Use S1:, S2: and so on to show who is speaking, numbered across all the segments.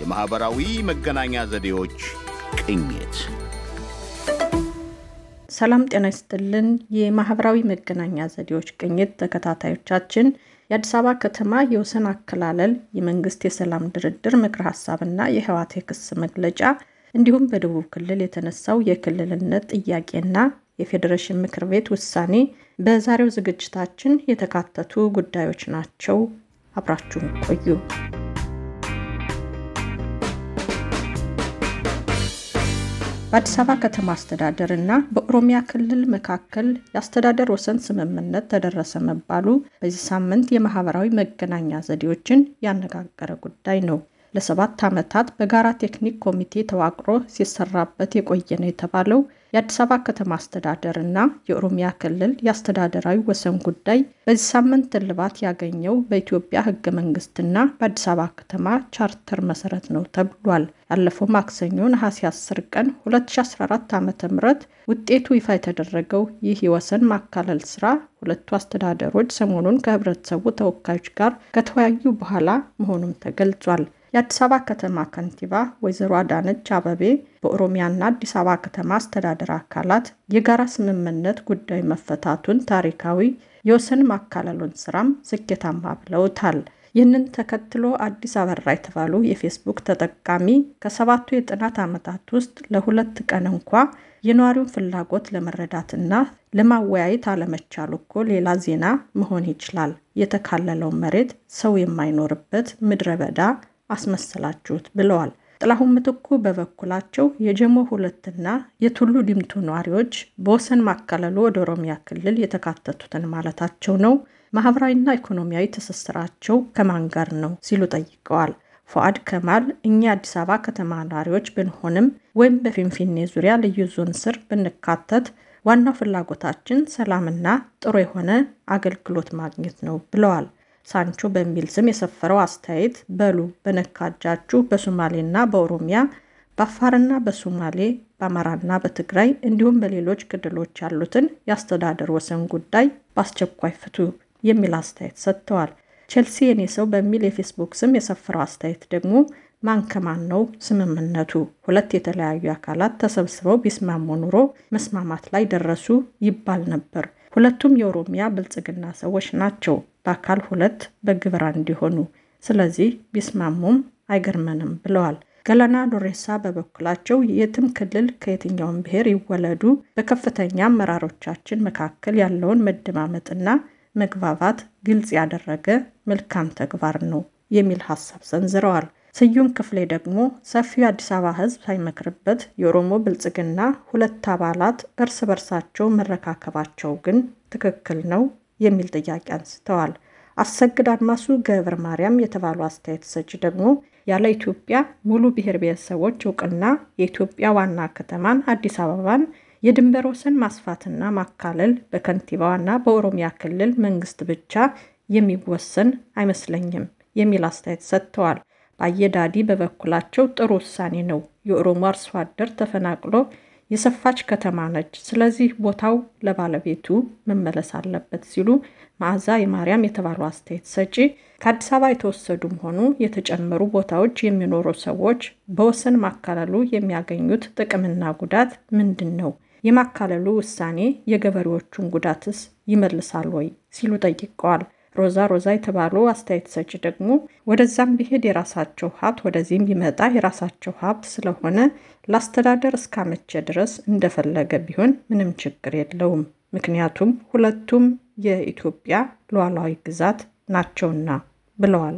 S1: የማኅበራዊ መገናኛ ዘዴዎች ቅኝት። ሰላም ጤና ይስጥልን። የማኅበራዊ መገናኛ ዘዴዎች ቅኝት ተከታታዮቻችን የአዲስ አበባ ከተማ የወሰን አከላለል የመንግስት የሰላም ድርድር ምክር ሀሳብና የህወሓት የክስ መግለጫ እንዲሁም በደቡብ ክልል የተነሳው የክልልነት ጥያቄና የፌዴሬሽን ምክር ቤት ውሳኔ በዛሬው ዝግጅታችን የተካተቱ ጉዳዮች ናቸው። አብራችሁን ቆዩ። በአዲስ አበባ ከተማ አስተዳደር እና በኦሮሚያ ክልል መካከል የአስተዳደር ወሰን ስምምነት ተደረሰ መባሉ በዚህ ሳምንት የማህበራዊ መገናኛ ዘዴዎችን ያነጋገረ ጉዳይ ነው። ለሰባት ዓመታት በጋራ ቴክኒክ ኮሚቴ ተዋቅሮ ሲሰራበት የቆየ ነው የተባለው የአዲስ አበባ ከተማ አስተዳደር እና የኦሮሚያ ክልል የአስተዳደራዊ ወሰን ጉዳይ በዚህ ሳምንት እልባት ያገኘው በኢትዮጵያ ህገ መንግስትና በአዲስ አበባ ከተማ ቻርተር መሰረት ነው ተብሏል። ያለፈው ማክሰኞ ነሐሴ 10 ቀን 2014 ዓ ም ውጤቱ ይፋ የተደረገው ይህ የወሰን ማካለል ስራ ሁለቱ አስተዳደሮች ሰሞኑን ከህብረተሰቡ ተወካዮች ጋር ከተወያዩ በኋላ መሆኑም ተገልጿል። የአዲስ አበባ ከተማ ከንቲባ ወይዘሮ አዳነች አበቤ በኦሮሚያና አዲስ አበባ ከተማ አስተዳደር አካላት የጋራ ስምምነት ጉዳይ መፈታቱን ታሪካዊ የወሰን ማካለሉን ስራም ስኬታማ ብለውታል። ይህንን ተከትሎ አዲስ አበራ የተባሉ የፌስቡክ ተጠቃሚ ከሰባቱ የጥናት ዓመታት ውስጥ ለሁለት ቀን እንኳ የነዋሪውን ፍላጎት ለመረዳትና ለማወያየት አለመቻሉ እኮ ሌላ ዜና መሆን ይችላል። የተካለለው መሬት ሰው የማይኖርበት ምድረ በዳ አስመሰላችሁት ብለዋል። ጥላሁን ምትኩ በበኩላቸው የጀሞ ሁለትና የቱሉ ዲምቱ ነዋሪዎች በወሰን ማካለሉ ወደ ኦሮሚያ ክልል የተካተቱትን ማለታቸው ነው። ማህበራዊና ኢኮኖሚያዊ ትስስራቸው ከማን ጋር ነው ሲሉ ጠይቀዋል። ፉአድ ከማል እኛ አዲስ አበባ ከተማ ነዋሪዎች ብንሆንም ወይም በፊንፊኔ ዙሪያ ልዩ ዞን ስር ብንካተት ዋናው ፍላጎታችን ሰላምና ጥሩ የሆነ አገልግሎት ማግኘት ነው ብለዋል። ሳንቾ በሚል ስም የሰፈረው አስተያየት በሉ በነካ እጃችሁ በሶማሌና በኦሮሚያ በአፋርና በሶማሌ በአማራና በትግራይ እንዲሁም በሌሎች ክልሎች ያሉትን የአስተዳደር ወሰን ጉዳይ በአስቸኳይ ፍቱ የሚል አስተያየት ሰጥተዋል። ቼልሲ የኔ ሰው በሚል የፌስቡክ ስም የሰፈረው አስተያየት ደግሞ ማን ከማን ነው ስምምነቱ? ሁለት የተለያዩ አካላት ተሰብስበው ቢስማሙ ኑሮ መስማማት ላይ ደረሱ ይባል ነበር። ሁለቱም የኦሮሚያ ብልጽግና ሰዎች ናቸው። በአካል ሁለት በግብር አንድ ስለዚህ ቢስማሙም አይገርመንም ብለዋል። ገለና ዶሬሳ በበኩላቸው የትም ክልል ከየትኛውም ብሔር ይወለዱ በከፍተኛ አመራሮቻችን መካከል ያለውን መደማመጥና መግባባት ግልጽ ያደረገ መልካም ተግባር ነው የሚል ሀሳብ ሰንዝረዋል። ስዩም ክፍሌ ደግሞ ሰፊው የአዲስ አበባ ሕዝብ ሳይመክርበት የኦሮሞ ብልጽግና ሁለት አባላት እርስ በርሳቸው መረካከባቸው ግን ትክክል ነው የሚል ጥያቄ አንስተዋል። አሰግድ አድማሱ ገብረ ማርያም የተባሉ አስተያየት ሰጪ ደግሞ ያለ ኢትዮጵያ ሙሉ ብሔር ብሔረሰቦች እውቅና የኢትዮጵያ ዋና ከተማን አዲስ አበባን የድንበር ወሰን ማስፋትና ማካለል በከንቲባዋና በኦሮሚያ ክልል መንግስት ብቻ የሚወሰን አይመስለኝም የሚል አስተያየት ሰጥተዋል። ባየዳዲ በበኩላቸው ጥሩ ውሳኔ ነው። የኦሮሞ አርሶ አደር ተፈናቅሎ የሰፋች ከተማ ነች። ስለዚህ ቦታው ለባለቤቱ መመለስ አለበት ሲሉ መዓዛ የማርያም የተባሉ አስተያየት ሰጪ ከአዲስ አበባ የተወሰዱም ሆኑ የተጨመሩ ቦታዎች የሚኖሩ ሰዎች በወሰን ማካለሉ የሚያገኙት ጥቅምና ጉዳት ምንድን ነው? የማካለሉ ውሳኔ የገበሬዎቹን ጉዳትስ ይመልሳል ወይ? ሲሉ ጠይቀዋል። ሮዛ ሮዛ የተባሉ አስተያየት ሰጪ ደግሞ ወደዛም ቢሄድ የራሳቸው ሀብት፣ ወደዚህም ቢመጣ የራሳቸው ሀብት ስለሆነ ለአስተዳደር እስካመቼ ድረስ እንደፈለገ ቢሆን ምንም ችግር የለውም፣ ምክንያቱም ሁለቱም የኢትዮጵያ ሉዓላዊ ግዛት ናቸውና ብለዋል።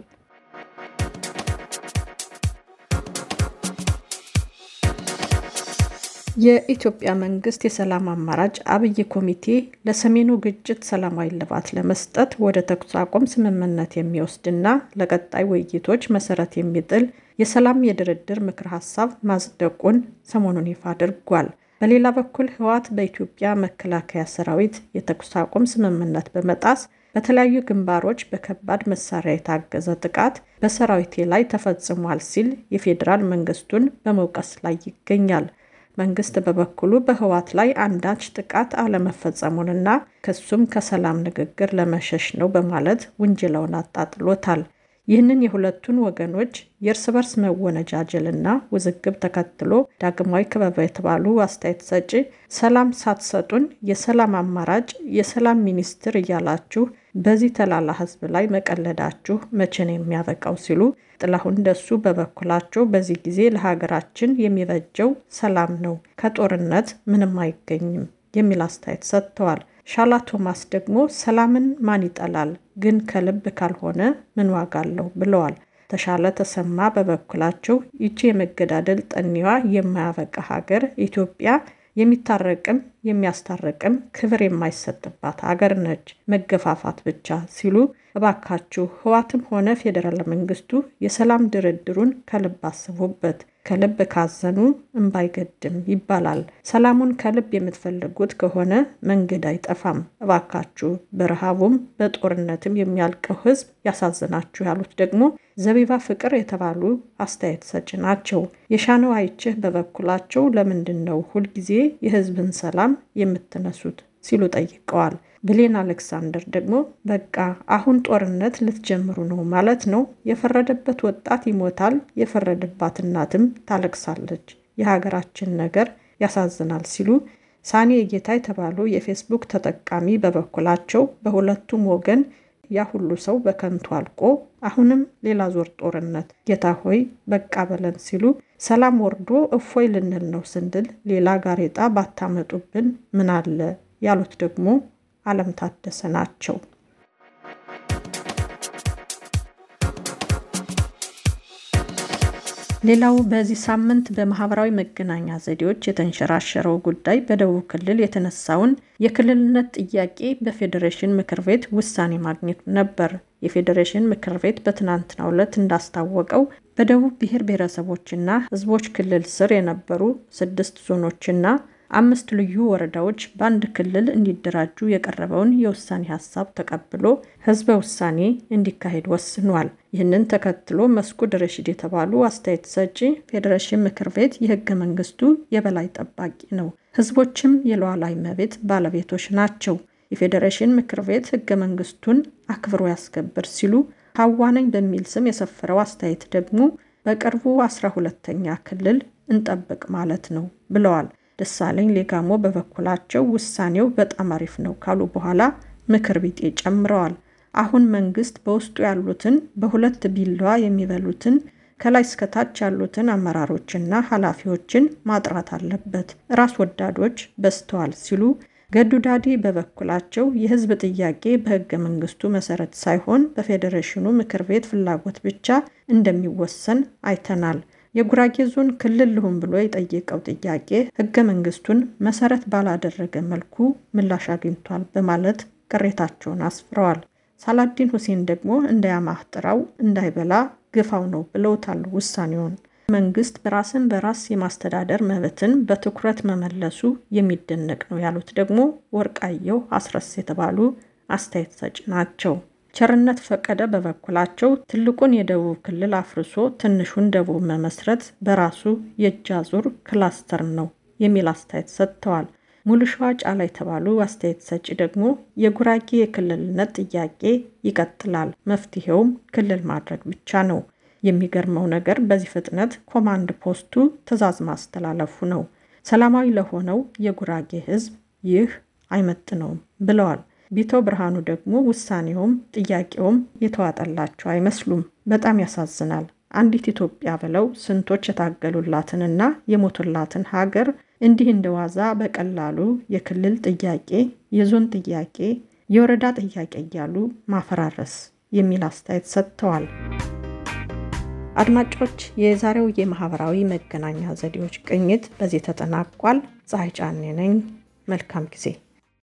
S1: የኢትዮጵያ መንግስት የሰላም አማራጭ አብይ ኮሚቴ ለሰሜኑ ግጭት ሰላማዊ ልባት ለመስጠት ወደ ተኩስ አቁም ስምምነት የሚወስድና ለቀጣይ ውይይቶች መሰረት የሚጥል የሰላም የድርድር ምክረ ሀሳብ ማጽደቁን ሰሞኑን ይፋ አድርጓል። በሌላ በኩል ህወሓት በኢትዮጵያ መከላከያ ሰራዊት የተኩስ አቁም ስምምነት በመጣስ በተለያዩ ግንባሮች በከባድ መሳሪያ የታገዘ ጥቃት በሰራዊቴ ላይ ተፈጽሟል ሲል የፌዴራል መንግስቱን በመውቀስ ላይ ይገኛል። መንግስት በበኩሉ በህወሓት ላይ አንዳች ጥቃት አለመፈጸሙንና ክሱም ከሰላም ንግግር ለመሸሽ ነው በማለት ውንጀላውን አጣጥሎታል። ይህንን የሁለቱን ወገኖች የእርስ በርስ መወነጃጀልና ውዝግብ ተከትሎ ዳግማዊ ክበበ የተባሉ አስተያየት ሰጪ ሰላም ሳትሰጡን የሰላም አማራጭ የሰላም ሚኒስትር እያላችሁ በዚህ ተላላ ህዝብ ላይ መቀለዳችሁ መቼ ነው የሚያበቃው? ሲሉ ጥላሁን እንደሱ በበኩላቸው በዚህ ጊዜ ለሀገራችን የሚበጀው ሰላም ነው፣ ከጦርነት ምንም አይገኝም የሚል አስተያየት ሰጥተዋል። ሻላ ቶማስ ደግሞ ሰላምን ማን ይጠላል ግን ከልብ ካልሆነ ምን ዋጋ አለው ብለዋል። ተሻለ ተሰማ በበኩላቸው ይቺ የመገዳደል ጠኔዋ የማያበቃ ሀገር ኢትዮጵያ የሚታረቅም የሚያስታርቅም ክብር የማይሰጥባት ሀገር ነች፣ መገፋፋት ብቻ ሲሉ እባካችሁ ህዋትም ሆነ ፌዴራል መንግስቱ የሰላም ድርድሩን ከልብ አስቡበት ከልብ ካዘኑ እንባይገድም ይባላል። ሰላሙን ከልብ የምትፈልጉት ከሆነ መንገድ አይጠፋም። እባካችሁ በረሃቡም በጦርነትም የሚያልቀው ህዝብ ያሳዝናችሁ ያሉት ደግሞ ዘቢባ ፍቅር የተባሉ አስተያየት ሰጭ ናቸው። የሻነው አይችህ በበኩላቸው ለምንድን ነው ሁልጊዜ የህዝብን ሰላም የምትነሱት ሲሉ ጠይቀዋል። ብሌን አሌክሳንደር ደግሞ በቃ አሁን ጦርነት ልትጀምሩ ነው ማለት ነው፣ የፈረደበት ወጣት ይሞታል፣ የፈረደባት እናትም ታለቅሳለች፣ የሀገራችን ነገር ያሳዝናል ሲሉ ሳኔ ጌታ የተባሉ የፌስቡክ ተጠቃሚ በበኩላቸው በሁለቱም ወገን ያ ሁሉ ሰው በከንቱ አልቆ አሁንም ሌላ ዞር ጦርነት፣ ጌታ ሆይ በቃ በለን ሲሉ ሰላም ወርዶ እፎይ ልንል ነው ስንል ሌላ ጋሬጣ ባታመጡብን ምን አለ ያሉት ደግሞ አለም ታደሰ ናቸው። ሌላው በዚህ ሳምንት በማህበራዊ መገናኛ ዘዴዎች የተንሸራሸረው ጉዳይ በደቡብ ክልል የተነሳውን የክልልነት ጥያቄ በፌዴሬሽን ምክር ቤት ውሳኔ ማግኘት ነበር። የፌዴሬሽን ምክር ቤት በትናንትናው ዕለት እንዳስታወቀው በደቡብ ብሔር ብሔረሰቦችና ሕዝቦች ክልል ስር የነበሩ ስድስት ዞኖችና አምስት ልዩ ወረዳዎች በአንድ ክልል እንዲደራጁ የቀረበውን የውሳኔ ሀሳብ ተቀብሎ ህዝበ ውሳኔ እንዲካሄድ ወስኗል። ይህንን ተከትሎ መስኩድ ድረሽድ የተባሉ አስተያየት ሰጪ ፌዴሬሽን ምክር ቤት የህገ መንግስቱ የበላይ ጠባቂ ነው፣ ህዝቦችም የሉዓላዊ መብት ባለቤቶች ናቸው። የፌዴሬሽን ምክር ቤት ህገ መንግስቱን አክብሮ ያስከብር ሲሉ ሀዋነኝ በሚል ስም የሰፈረው አስተያየት ደግሞ በቅርቡ አስራ ሁለተኛ ክልል እንጠብቅ ማለት ነው ብለዋል። ደሳለኝ ሌጋሞ በበኩላቸው ውሳኔው በጣም አሪፍ ነው ካሉ በኋላ ምክር ቢጤ ጨምረዋል። አሁን መንግስት በውስጡ ያሉትን በሁለት ቢላዋ የሚበሉትን ከላይ እስከታች ያሉትን አመራሮችና ኃላፊዎችን ማጥራት አለበት፣ ራስ ወዳዶች በዝተዋል ሲሉ ገዱ ዳዲ በበኩላቸው የህዝብ ጥያቄ በህገ መንግስቱ መሰረት ሳይሆን በፌዴሬሽኑ ምክር ቤት ፍላጎት ብቻ እንደሚወሰን አይተናል። የጉራጌ ዞን ክልል ልሁን ብሎ የጠየቀው ጥያቄ ህገ መንግስቱን መሰረት ባላደረገ መልኩ ምላሽ አግኝቷል በማለት ቅሬታቸውን አስፍረዋል። ሳላዲን ሁሴን ደግሞ እንዳያማህጥራው እንዳይበላ ግፋው ነው ብለውታል ውሳኔውን። መንግስት በራስን በራስ የማስተዳደር መብትን በትኩረት መመለሱ የሚደነቅ ነው ያሉት ደግሞ ወርቃየሁ አስረስ የተባሉ አስተያየት ሰጭ ናቸው። ቸርነት ፈቀደ በበኩላቸው ትልቁን የደቡብ ክልል አፍርሶ ትንሹን ደቡብ መመስረት በራሱ የእጅ አዙር ክላስተር ነው የሚል አስተያየት ሰጥተዋል። ሙሉሸዋ ጫላ የተባሉ አስተያየት ሰጪ ደግሞ የጉራጌ የክልልነት ጥያቄ ይቀጥላል፣ መፍትሄውም ክልል ማድረግ ብቻ ነው። የሚገርመው ነገር በዚህ ፍጥነት ኮማንድ ፖስቱ ትዕዛዝ ማስተላለፉ ነው። ሰላማዊ ለሆነው የጉራጌ ሕዝብ ይህ አይመጥነውም ብለዋል። ቢቶ ብርሃኑ ደግሞ ውሳኔውም ጥያቄውም የተዋጠላቸው አይመስሉም። በጣም ያሳዝናል። አንዲት ኢትዮጵያ ብለው ስንቶች የታገሉላትንና የሞቱላትን ሀገር እንዲህ እንደ ዋዛ በቀላሉ የክልል ጥያቄ፣ የዞን ጥያቄ፣ የወረዳ ጥያቄ እያሉ ማፈራረስ የሚል አስተያየት ሰጥተዋል። አድማጮች፣ የዛሬው የማህበራዊ መገናኛ ዘዴዎች ቅኝት በዚህ ተጠናቋል። ፀሐይ ጫኔ ነኝ። መልካም ጊዜ